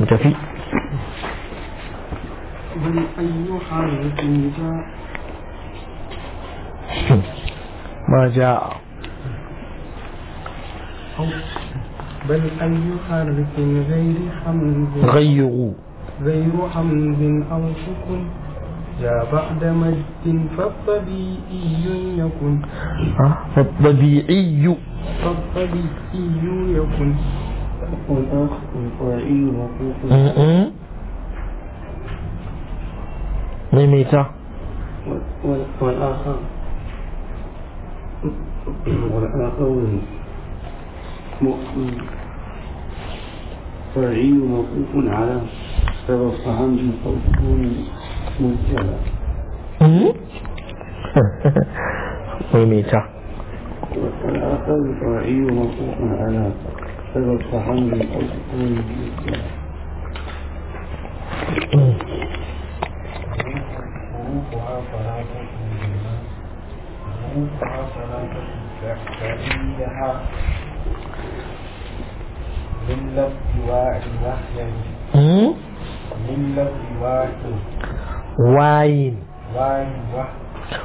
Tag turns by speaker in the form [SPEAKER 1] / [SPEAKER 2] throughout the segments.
[SPEAKER 1] انتفي
[SPEAKER 2] من أي حارث جاء ما جاء بل أي حارث غير حمل غير غير حمل أو شكر جاء بعد مجد فالطبيعي يكن
[SPEAKER 1] فالطبيعي
[SPEAKER 2] فالطبيعي يكن والأخ والفاعل والآخر والآخر فاعل موقوف على سبب عمد فوقون مبتلى
[SPEAKER 1] ميميتا
[SPEAKER 2] والآخر فاعل موقوف على Pero trabajando
[SPEAKER 1] واين واين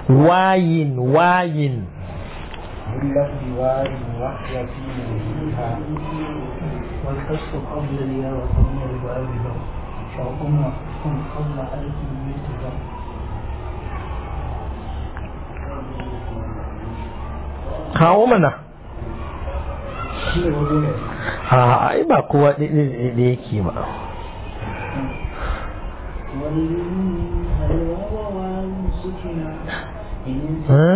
[SPEAKER 1] واين واين
[SPEAKER 2] علة جوار الوحي في نزولها والكسر قبل الياء قبل ألف ai ba
[SPEAKER 1] kowa ɗaiɗe da yake ba
[SPEAKER 2] wani wa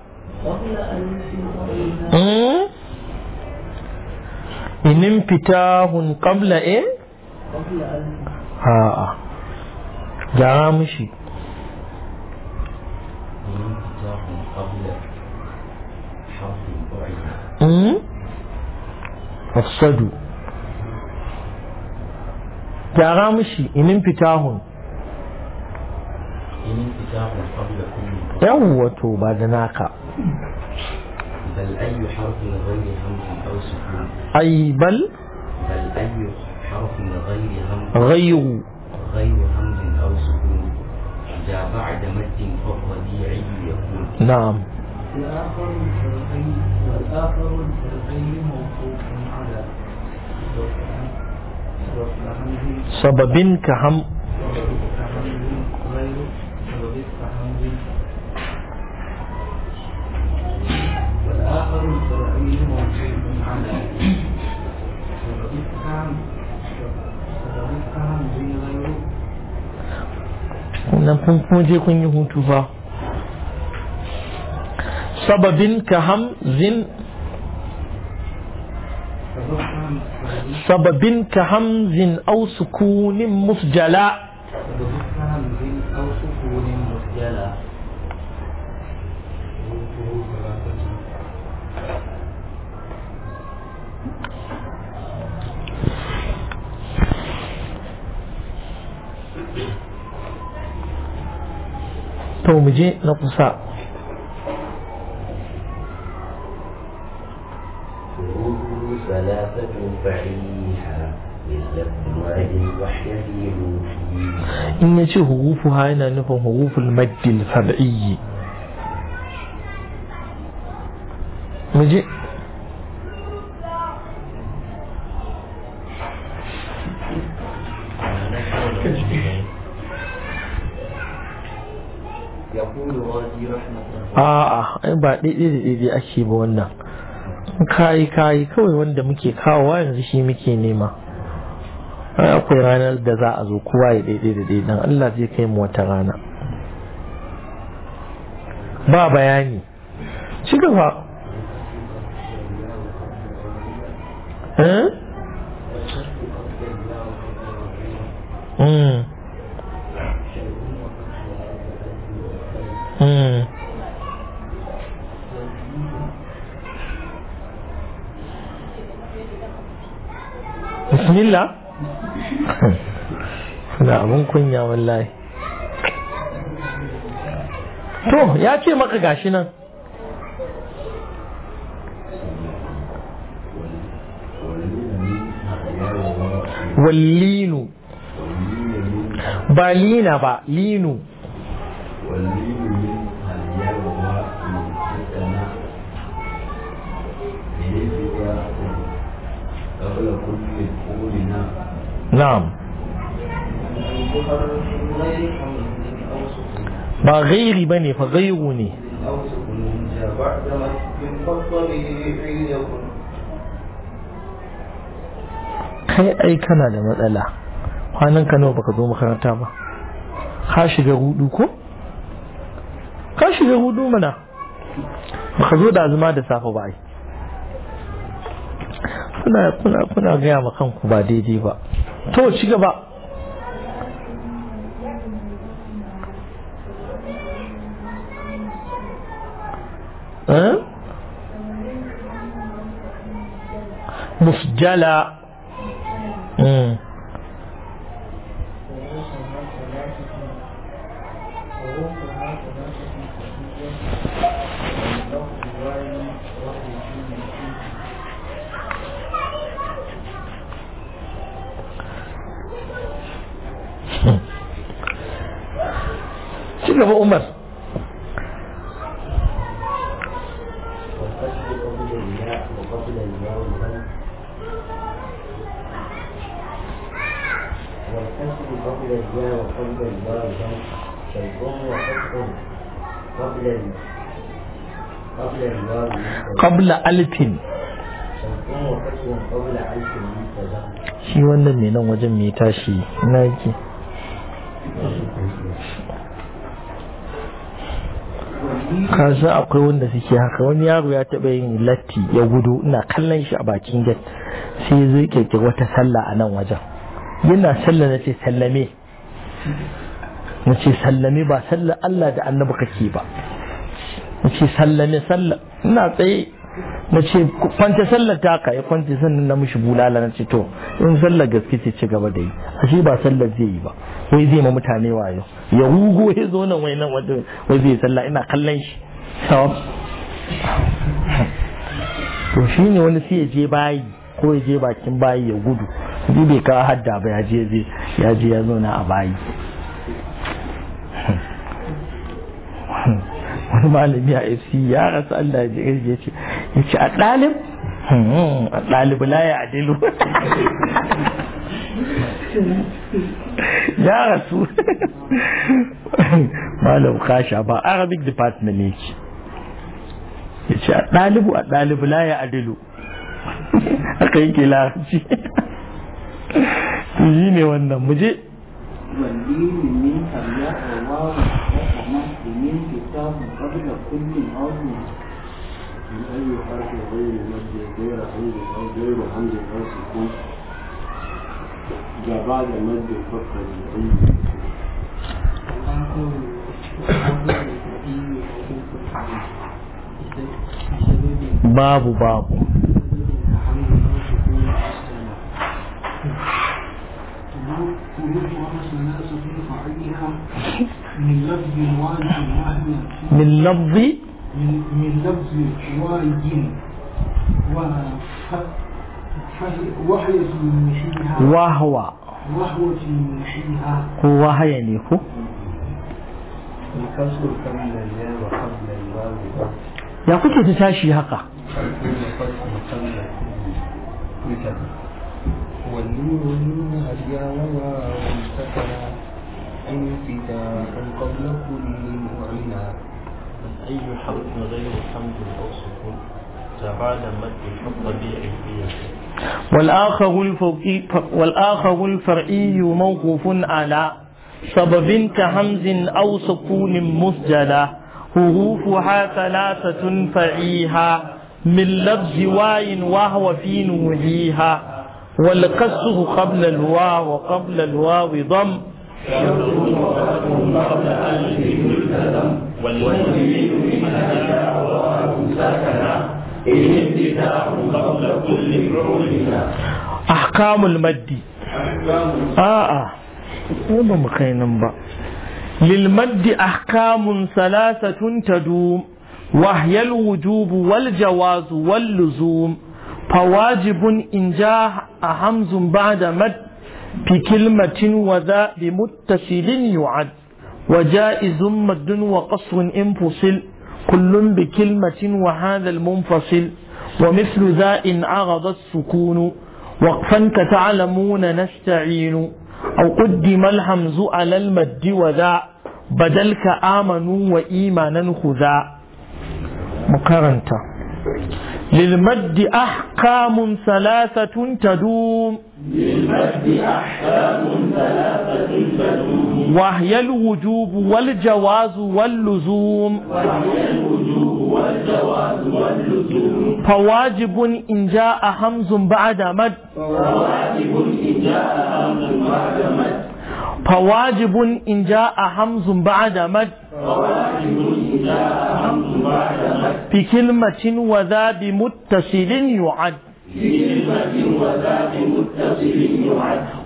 [SPEAKER 2] Hmm?
[SPEAKER 1] inin fita hun qabla in ha gyara mushi
[SPEAKER 2] mafsadu hmm?
[SPEAKER 1] gyara mushi inin fitahun yawon wato ba da naka
[SPEAKER 2] بل أي حرف غير همز أو سكون
[SPEAKER 1] أي بل
[SPEAKER 2] بل أي حرف غير همز غير غير همز أو سكون إذا بعد مد فالربيعي يكون نعم الآخر الفرعي والآخر الفرعي موقوف على سبب كهم سبب كهم غير سبب
[SPEAKER 1] nan kun kuma je kun yi hutu fa sababin ka hamzin sababin ka hamzin au sukunin musjala مجي نقصا
[SPEAKER 2] ثلاثة فعيها إن
[SPEAKER 1] يجي حروفها هنا نفهم حروف المد الفرعي مجي
[SPEAKER 2] a'a
[SPEAKER 1] ai ba daidai da daidai ake ba wannan kayi kayi kawai wanda muke kawowa yanzu shi muke nema ai akwai ranar da za a zo kowa ya daidai da dan Allah zai kai mu wata rana ba bayani ci gaba
[SPEAKER 2] eh mm mm milla
[SPEAKER 1] na abin kunya wallahi to ya ce maka gashi nan wallinu ba lina ba linu نعم ba غير ba ne fa ne kai ai kana da matsala kwanan ka nawa baka zo makaranta ba ka shiga hudu ko ka shiga hudu mana baka zo da azuma da safe ba ai kuna kuna kuna gaya ma kanku ba daidai ba
[SPEAKER 2] to ci gaba
[SPEAKER 1] musjala
[SPEAKER 2] hmm. ci gaba umar قبل
[SPEAKER 1] ألف shi wannan ne nan wajen mai tashi na yake kasa akwai wanda suke haka wani yaro ya taɓa yin latti ya gudu ina kallon shi a bakin gate sai zai kirkiri wata sallah a nan wajen yana sallah na ce sallame na ce sallame ba sallah Allah da annabi kake ba na ce sallame sallah ina tsaye na ce kwanta sallar ta ka ya kwance sannan na mushi bulala na ce to in sallar gaske ce ci gaba da yi a shi ba sallar zai yi ba wai zai ma mutane wayo ya hugo ya zo nan wai nan wai zai sallah ina kallon shi to shi ne wani sai ya je bayi ko ya je bakin bayi ya gudu zai bai kawo hadda ba ya je ya je ya a bayi wani malami a fc ya rasu allah ya je ya ce ya a ɗalib hmm, a ɗalib la ya adilu ya rasu malam kasha ba arabic department ne ce ya ce a ɗalibu a ɗalibu la ya adilu aka yi ke larabci yi ne wannan muje
[SPEAKER 2] والدين من أي حرف غير مد غير حمد أو غير حمد أو سكون جاء بعد المد فقط للعلم
[SPEAKER 1] باب باب
[SPEAKER 2] من لفظ من, من لفظ وارد وحية يمشيها وهو وهو يمشيها
[SPEAKER 1] هو وهي ليكو
[SPEAKER 2] الكسر قبل الياء وقبل الواو
[SPEAKER 1] يا كنت تتاشي هكا
[SPEAKER 2] والنور من الياء وواو انفتاح قبل كل معلنا أي حرف غير الحمد أو سكون تعالى مد الحق بعلمية
[SPEAKER 1] والآخر الفرعي, والآخر الفرعي موقوف على سبب كهمز أو سكون مسجلة حروفها ثلاثة فعيها من لفظ واي وهو في نوعيها والكسر قبل
[SPEAKER 2] الواو وقبل الواو ضم أحكام المد
[SPEAKER 1] أحكام المد آه آه إيه للمد أحكام ثلاثة تدوم وهي الوجوب والجواز واللزوم فواجب إن جاء همز بعد مد بكلمة وذا بمتصل يعد وجائز مد وقصر انفصل كل بكلمة وهذا المنفصل ومثل ذا إن عرض السكون وقفا كتعلمون نستعين أو قدم الهمز على المد وذا بدل كآمنوا وإيمانا خذا مقارنة للمد أحكام ثلاثة تدوم
[SPEAKER 2] للمجد أحكام ثلاثة تدوم
[SPEAKER 1] وهي الوجوب والجواز واللزوم
[SPEAKER 2] وهي الوجوب والجواز واللزوم
[SPEAKER 1] فواجب إن جاء حمز بعد مد فواجب إن جاء
[SPEAKER 2] حمز بعد مد
[SPEAKER 1] فواجب إن جاء حمز بعد مد في كلمة وذا بمتصل يعد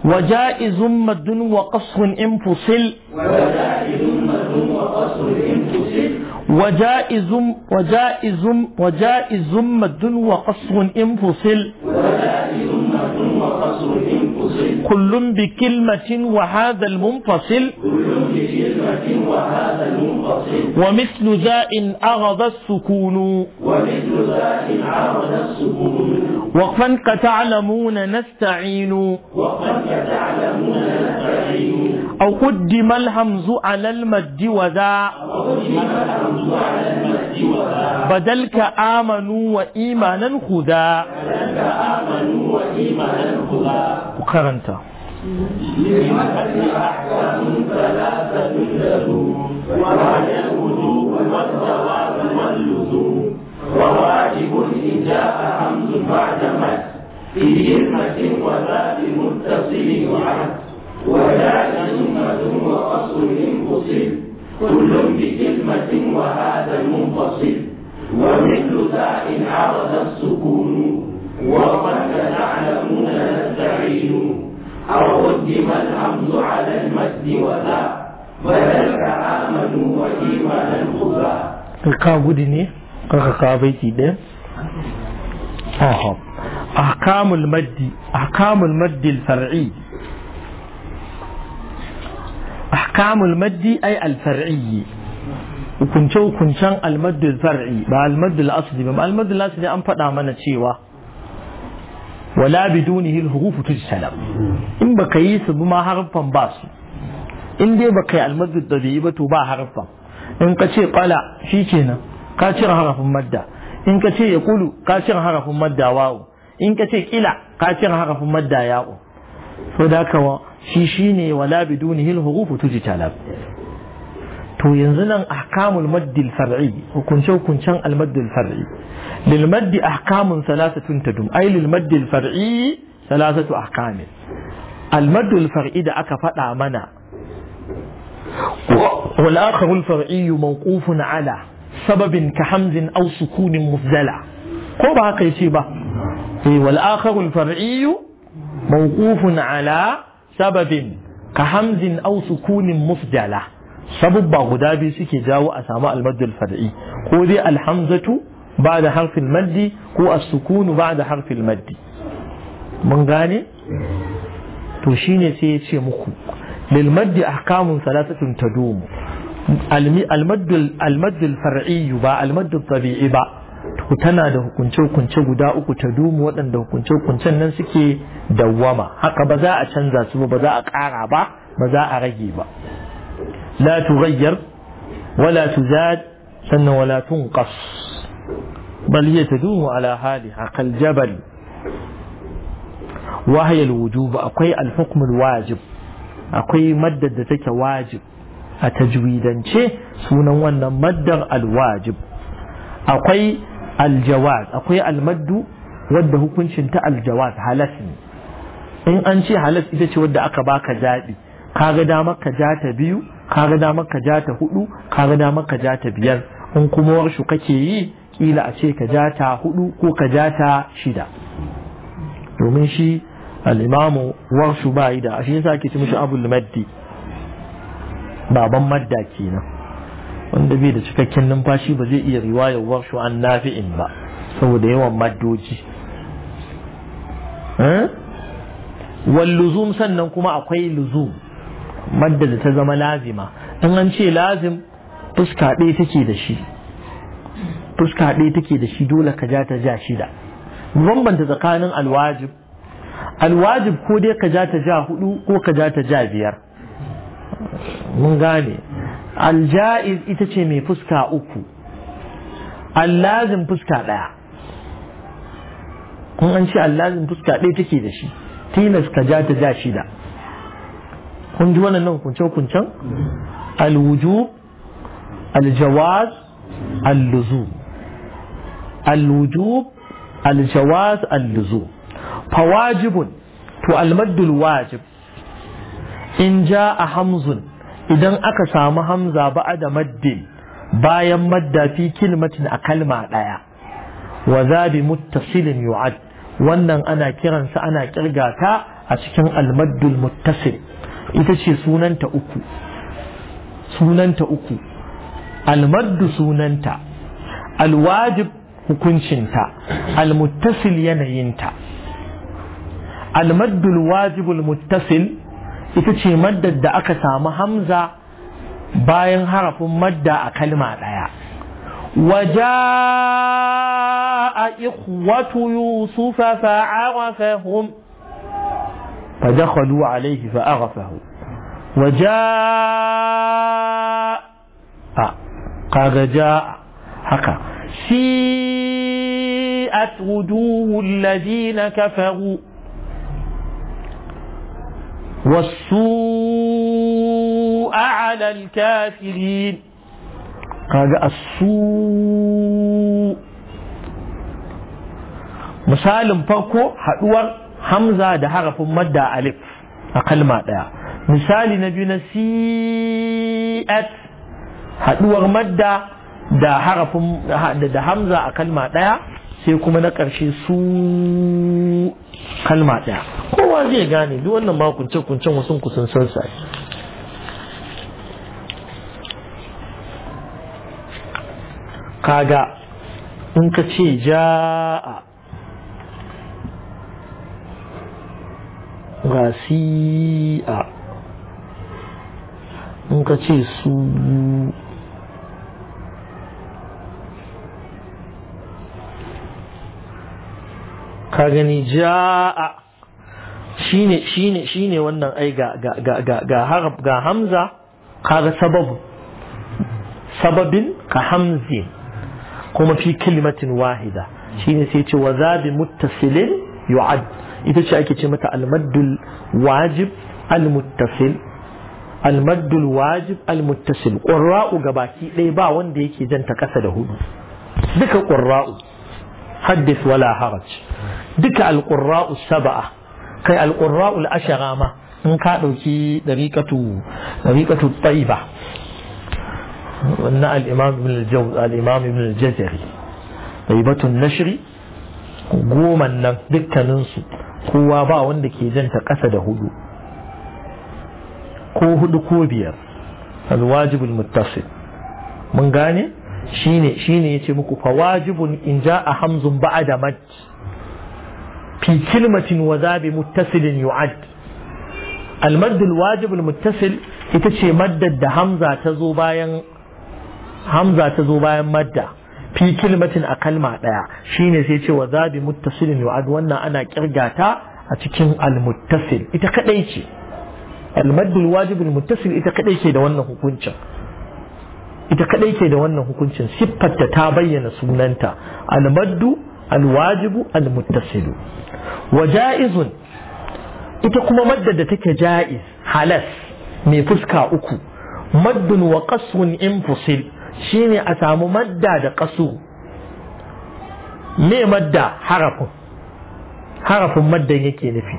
[SPEAKER 1] وجائز مد وقصر انفصل
[SPEAKER 2] وجائز مد وقصر انفصل
[SPEAKER 1] وجائز وجائز مد وقصر انفصل كل بكلمة وهذا المنفصل
[SPEAKER 2] كل بكلمة وهذا المنفصل
[SPEAKER 1] ومثل ذا أغض السكون ومثل ذا
[SPEAKER 2] أغض السكون
[SPEAKER 1] وقفا كتعلمون نستعين وقفا
[SPEAKER 2] كتعلمون نستعين
[SPEAKER 1] أو قدم الهمز على المد وذا بدل آمنوا وإيمانا خذا وقرنت
[SPEAKER 2] ثلاثة الوجوب والجواب واللزوم وواجب إن جاء حمز بعد مد في جرمة وذات متصل وعد وجاء همة وأصل منفصل كل بكلمة وهذا المنفصل ومثل إن عرض السكون وقد تعلمون نستعين أو قدم الحمد على المد وذا فذاك آمنوا وإيمانا
[SPEAKER 1] خذا القاعدة kaka kafai ki ɗaya? ahab akamul maddi akamul maddi al-far'i akamul maddi ay al-far'i hukunce hukuncen al-maddi al-far'i ba al-maddi an faɗa mana cewa wala biduni hil hurufu tujsala in baka yi su ma harfan ba in dai baka yi al-maddi dabi'i ba to ba harfan in ka ce qala shikenan كاشر حرف مدة إن كشي يقول كاشر حرف مدة واو إن كشي كلا كاشر حرف مدة ياو فذاك هو شيشيني ولا بدونه الحروف تجي تلاب تو ينزل أحكام المد الفرعي وكن شو كن شان المد الفرعي للمد أحكام ثلاثة تدوم أي للمد الفرعي ثلاثة أحكام المد الفرعي إذا أكفت أمنا والآخر الفرعي موقوف على سبب كحمز أو سكون مفزلة هو باقي شيبة إيه، والآخر الفرعي موقوف على سبب كحمز أو سكون مفزلة سبب بغدا بيسك جاو أسماء المد الفرعي قولي الحمزة بعد حرف المد هو السكون بعد حرف المد من غاني تشيني سيشي مخو للمد أحكام ثلاثة تدوم almaddul far'iyyu ba almaddul tabi'i ba tana da hukunce-hukunce guda uku ta dumu waɗanda hukunce-hukuncen nan suke dawwama haka ba za a canza su ba za a ƙara ba ba za a rage ba la tughayyar wala tuzad sannan wala tunqas bal hiya tadumu ala haliha kal jabal wa hiya al akwai al wajib akwai maddar da take wajib a tajwidance sunan wannan maddar alwajib akwai aljawaz akwai almaddu wadda hukuncin ta aljawaz halas ne in an ce halas ita ce wadda aka baka zaɓi kaga damar ka ja ta biyu kaga damar ka ja ta hudu kaga damar ka ja ta biyar in kuma warshu kake yi kila a ce ka ja ta hudu ko ka ja ta shida domin shi al'imamu warshu ba da shi yasa ake ci mishi abul maddi baban madda kenan wanda bai da cikakken numfashi ba zai iya riwayar warshu an nafi'in ba saboda yawan maddoji eh? wal luzum sannan kuma akwai luzum madda da ta zama lazima in an ce lazim fuska ɗaya take da shi fuska ɗaya take da shi dole ka ja ta ja shida bambanta tsakanin alwajib alwajib ko dai ka ja ta ja hudu ko ka ja ta ja biyar mun gane aljaiz ita ce mai fuska uku allazin fuska ɗaya kun an ce allazin fuska ɗaya take da shi tilas ka ja ta ja shida kun ji wannan nan kunce kuncen alwuju aljawaz alluzu alwujub aljawaz alluzu fawajibun to almaddul wajib in ja a hamzun idan aka samu hamza ba da maddin bayan madda fi kilmatin a kalma ɗaya wa zabi muttasilin yu'ad wannan ana kiransa ana kirgata ta a cikin almaddul muttasil ita ce sunanta uku sunanta uku almaddu sunanta alwajib hukuncinta almuttasil yanayinta almaddul wajibul muttasil ita ce maddar da aka samu hamza bayan harafin madda a kalma ɗaya وجاء إخوة يوسف فعرفهم
[SPEAKER 2] فدخلوا
[SPEAKER 1] عليه فأغفه
[SPEAKER 2] وجاء
[SPEAKER 1] قال جاء حقا سيئت وجوه الذين كفروا
[SPEAKER 2] wasu a'alal kafirin kaga asu
[SPEAKER 1] misalin farko Haɗuwar hamza da harafin madda alif a kalma daya misali na biyu na si'at haduwar madda da harafin da hamza a kalma ɗaya. sai kuma na ƙarshe su kalma ɗaya kowa zai gane duk wannan ma kunce kuncen wasu kusan san sai kaga in ka ce ja'a rasi'a in ka ce su ka gani ja'a shine shine shine wannan ai ga ga ga ga harab ga hamza kaga sababu sababin ka hamzin kuma fi kalimatin wahida shine sai ce wa zabi muttasilin yu'ad ita ce ake ce mata almaddul wajib almuttasil almaddul wajib almuttasil qurra'u gabaki ɗaya ba wanda yake janta ƙasa da hudu duka qurra'u حدث ولا حرج دك القراء السبعة كي القراء الأشغامة ما إن كانوا في طريقة طريقة الطيبة وإن الإمام ابن الجو الإمام ابن الجزري طيبة النشر قوما دك ننسو قوة با وندك يجنت قسد هدو ko hudu ko biyar alwajibul muttasil mun gane shine shine yace muku fa wajibun in jaa hamzun ba'da mad fi kalimatin wa zabi muttasilin yu'ad al mad al-wajib al-muttasil ita ce maddar da hamza ta zo bayan hamza ta zo bayan madda fi kalimatin a kalma daya shine sai ce wa zabi muttasilin yu'ad wannan ana kirgata a cikin al-muttasil ita kadai ce al mad al-wajib al-muttasil ita kadai ce da wannan hukuncin ita kadai ke da wannan hukuncin siffarta ta bayyana sunanta almaddu alwajibu almuttasilu wa ja'izun ita kuma madda da take ja'iz halas mai fuska uku maddun wa qasrun infusil shine a samu madda da qasu me madda harafin harafin maddan yake nufi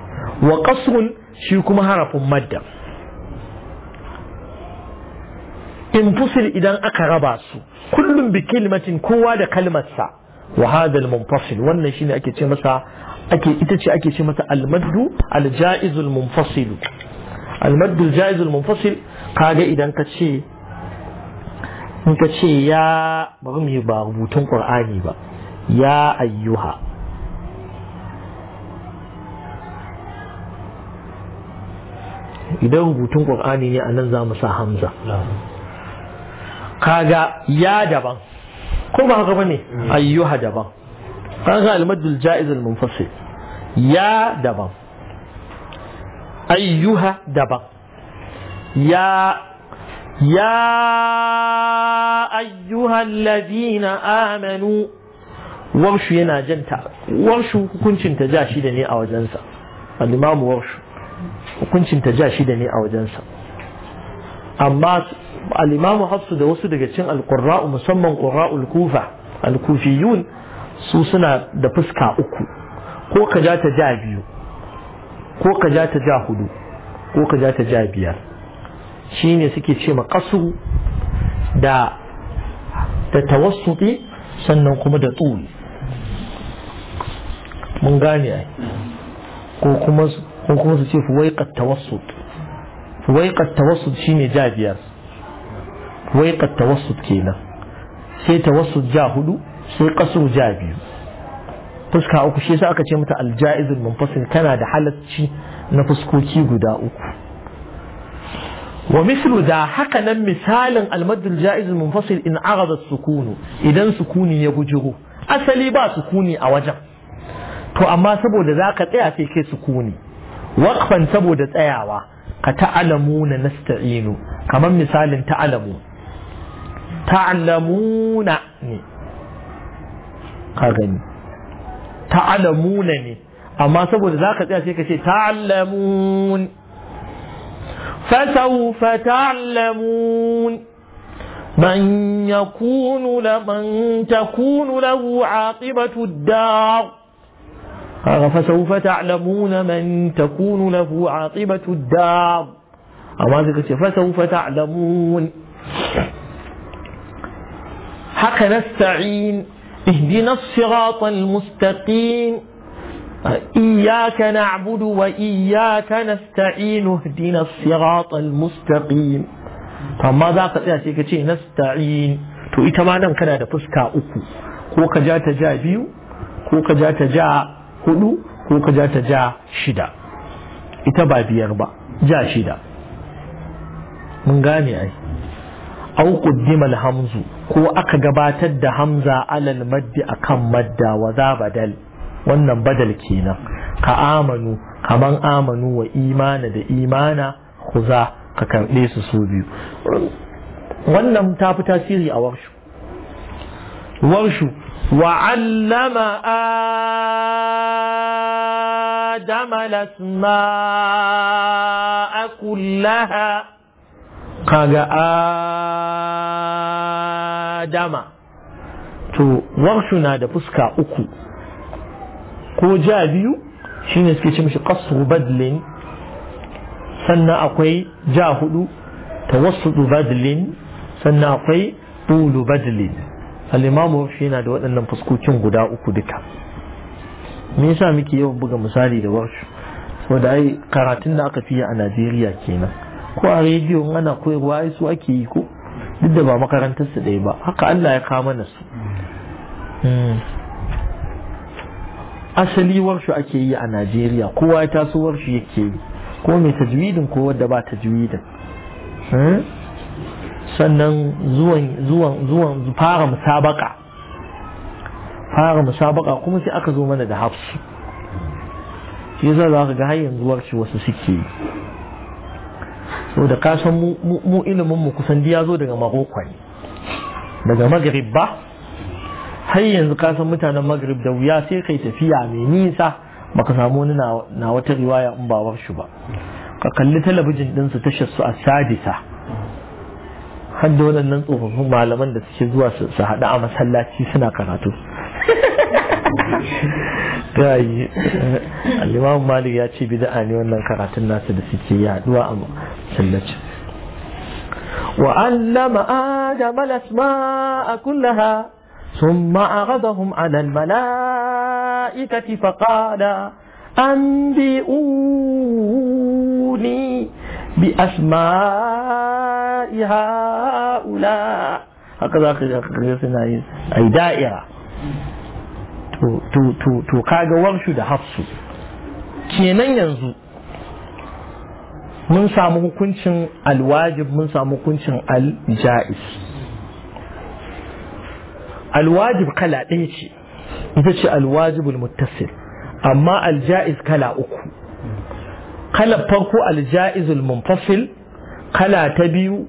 [SPEAKER 1] wa qasrun shi kuma harafin madda In fusil idan aka raba su kullum bi kalimatin kowa da kalmarsa wa hadha al-munfasil wannan shine ake ce masa ake ita ce ake ce masa al-maddu al-jaiz al-munfasil al-maddu al-jaiz al-munfasil kaga idan ka ce in ka ce ya bari mu ba rubutun qur'ani ba ya ayyuha idan rubutun qur'ani ne anan za mu sa hamza kaga ya daban ko ba haka bane mm. ayyuha daban kaga almadul jaiz almunfasil ya daban ayyuha daban ya يا أيها الذين آمنوا warshu yana janta hukuncin ta da ne a wajensa al-imamu warshu hukuncin ta da a amma al'imamu hafsu da wasu daga cin alƙurra'u musamman ƙurra'ul kufa alkufiyun su suna da fuska uku ko ka ja ta ja biyu ko ka ja ta ja hudu ko ka ja ta ja biyar shi ne suke ce makasu da da tawassuɗi sannan kuma da tsuri mun gane ai ko kuma su ce fuwaiƙar tawassuɗ fuwaiƙar tawassuɗ shi ne ja biyar waiƙar tawassut kenan sai tawassut ja hudu sai kasur ja biyu fuska uku shi yasa aka ce mata aljaizul munfasil kana da halacci na fuskoki guda uku wa mislu da haka nan misalin almadul jaizul munfasil in aghadat sukunu idan sukuni ya bujiro asali ba sukuni a wajen to amma saboda zaka tsaya sai kai sukuni waqfan saboda tsayawa ka na nasta'inu kamar misalin ta'alamu تعلمون ني كغني تعلمون ني اما سبب ذا كذا شيء كشي تعلمون فسوف تعلمون من يكون لمن تكون له عاقبة الدار فسوف تعلمون من تكون له عاقبة الدار فسوف تعلمون حق نستعين اهدنا الصراط المستقيم إياك نعبد وإياك نستعين اهدنا الصراط المستقيم فما ذاك تأتيك شيء نستعين تو إيه تماما كنا دفسك أكو هو كجا تجا بيو هو كجا تجا هلو هو كجا تجا شدا إتبا بيغبا جا شدا من غاني أي أو قدم الهمز كو أكجبات الدهمزة على المد أكم مد وذا بدل وأن بدل كينا كآمنوا كمن آمنوا وإيمان ده خزا ككم ليس وأن تاب تاسيري أورشو ورشو وعلم آدم الأسماء كلها kaga adama to warshu na da fuska uku ko ja biyu shine suke ce mishi qasru badlin sannan akwai ja hudu tawassudu badlin sannan akwai tulu badlin al-imamu shi yana da waɗannan fuskokin guda uku duka me yasa muke yawan buga misali da warshu saboda ai karatun da aka fiye a Najeriya kenan ko a rediyo ana koyarwa ai su ake yi ko duk da ba makarantar su ɗaya ba haka Allah ya kama na su hmm. asali warshu ake yi a Najeriya kowa ya taso warshu yake yi ko mai tajwidin ko wadda ba tajwidin hmm. sannan zuwan zuwan zuwan fara musabaka fara musabaka kuma sai aka zo mana da hafsu shi yasa za ka ga har yanzu warshi wasu suke yi so da kasan mu ilimin mu kusan ya zo daga maroko ne daga magrib ba har yanzu kasan mutanen magrib da wuya sai kai tafiya mai nisa baka samu wani na wata riwaya in ba shi ba ka kalli talabijin ɗinsu tashar su a sadisa har da waɗannan tsofaffin malaman da suke zuwa su haɗu a masallaci suna karatu alimamu malik ya ce bida'a ne wannan karatun nasu da suke yaduwa Wa'allama ajamala asma akullaha su ma'arada huccanan mala'ika cifa qada an bi u bi asma i Haula. Haƙa za kai iya sanayen ayi da'ira to ka ga warshu da hafsu kenan yanzu. mun samu hukuncin alwajib mun samu hukuncin aljaiz alwajib kala ɗaya ce ita ce alwajibul muttasil amma aljaiz kala uku kala farko aljaizul munfasil kala ta biyu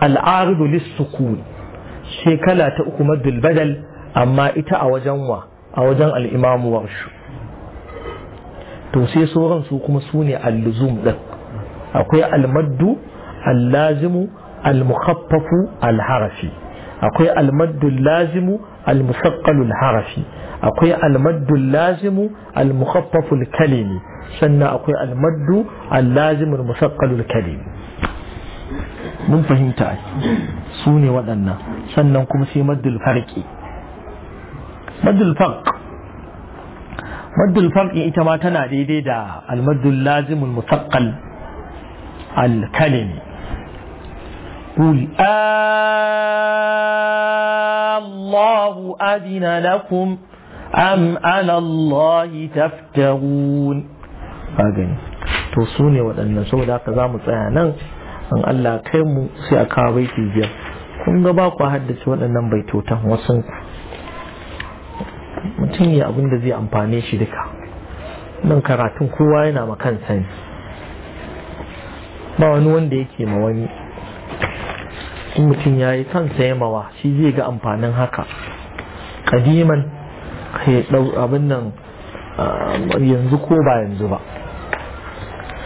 [SPEAKER 1] al'aridu lissukun sai ta uku maddul badal amma ita a wajen wa a wajen al'imamu warshu to sai sauran su kuma su ne al-luzum din akwai al-maddu al-lazimu al-mukhaffafu al-harfi akwai al-maddu al lazimu al-musaqqal al-harfi akwai al-maddu al lazimu al-mukhaffafu al-kalimi sannan akwai al-maddu al-lazimu al-musaqqal al-kalimi mun fahimta su ne waɗannan sannan kuma sai maddul farqi maddul farq maddul farqi ita ma tana daidai da almaddul lazimul mutaqqal al kalimi qul allahu adina lakum am ala allah taftagun hagan to sune wadannan saboda haka zamu tsaya nan an Allah kai mu sai a kawo baiti biyar kun ga ba ku haddace wadannan baitotan wasu mutum ya abin da zai amfane shi duka nan karatun kowa yana makan sani ba wani wanda yake ma wani in mutum ya yi kansa ya mawa shi zai ga amfanin haka kadiman abin nan ah, yanzu ko ba yanzu ba